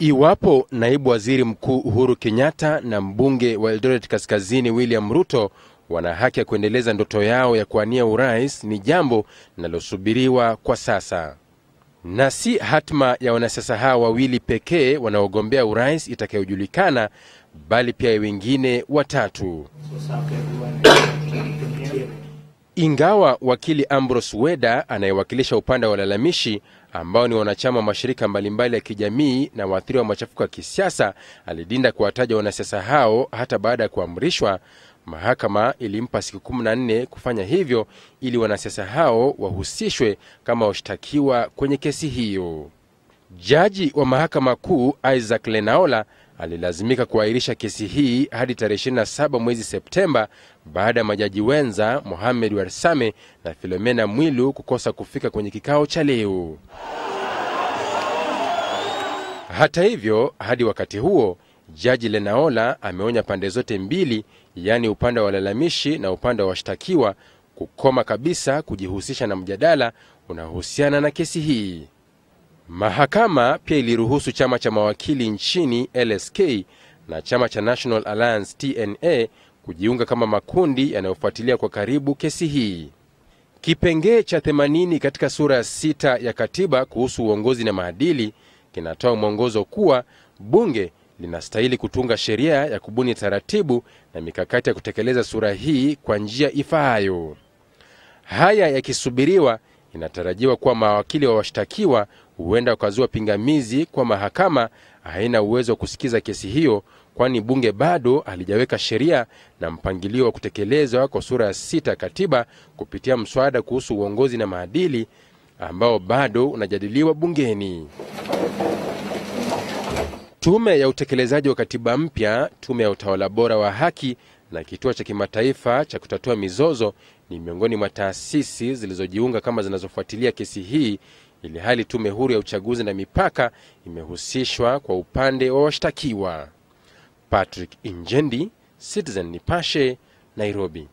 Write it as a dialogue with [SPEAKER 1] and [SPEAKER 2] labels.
[SPEAKER 1] Iwapo naibu waziri mkuu Uhuru Kenyatta na mbunge wa Eldoret Kaskazini William Ruto wana haki ya kuendeleza ndoto yao ya kuania urais, ni jambo linalosubiriwa kwa sasa, na si hatma ya wanasiasa hawa wawili pekee wanaogombea urais itakayojulikana, bali pia wengine watatu. Ingawa wakili Ambrose Weda anayewakilisha upande wa walalamishi ambao ni wanachama wa mashirika mbalimbali ya kijamii na waathiri wa machafuko ya kisiasa alidinda kuwataja wanasiasa hao hata baada ya kuamrishwa, mahakama ilimpa siku 14 kufanya hivyo ili wanasiasa hao wahusishwe kama washtakiwa kwenye kesi hiyo. Jaji wa mahakama kuu Isaac Lenaola alilazimika kuahirisha kesi hii hadi tarehe 27 mwezi Septemba baada ya majaji wenza Mohamed Warsame na Filomena Mwilu kukosa kufika kwenye kikao cha leo. Hata hivyo, hadi wakati huo Jaji Lenaola ameonya pande zote mbili, yaani upande wa walalamishi na upande wa washtakiwa, kukoma kabisa kujihusisha na mjadala unaohusiana na kesi hii. Mahakama pia iliruhusu chama cha mawakili nchini LSK na chama cha National Alliance TNA kujiunga kama makundi yanayofuatilia kwa karibu kesi hii. Kipengee cha 80 katika sura ya sita ya katiba kuhusu uongozi na maadili kinatoa mwongozo kuwa bunge linastahili kutunga sheria ya kubuni taratibu na mikakati ya kutekeleza sura hii kwa njia ifaayo. Haya yakisubiriwa, inatarajiwa kuwa mawakili wa washtakiwa huenda ukazua pingamizi kwa mahakama haina uwezo wa kusikiza kesi hiyo, kwani bunge bado halijaweka sheria na mpangilio wa kutekelezwa kwa sura ya sita katiba kupitia mswada kuhusu uongozi na maadili ambao bado unajadiliwa bungeni. Tume ya utekelezaji wa katiba mpya, tume ya utawala bora wa haki na kituo cha kimataifa cha kutatua mizozo ni miongoni mwa taasisi zilizojiunga kama zinazofuatilia kesi hii, ili hali tume huru ya uchaguzi na mipaka imehusishwa kwa upande wa washtakiwa. Patrick Injendi, Citizen Nipashe, Nairobi.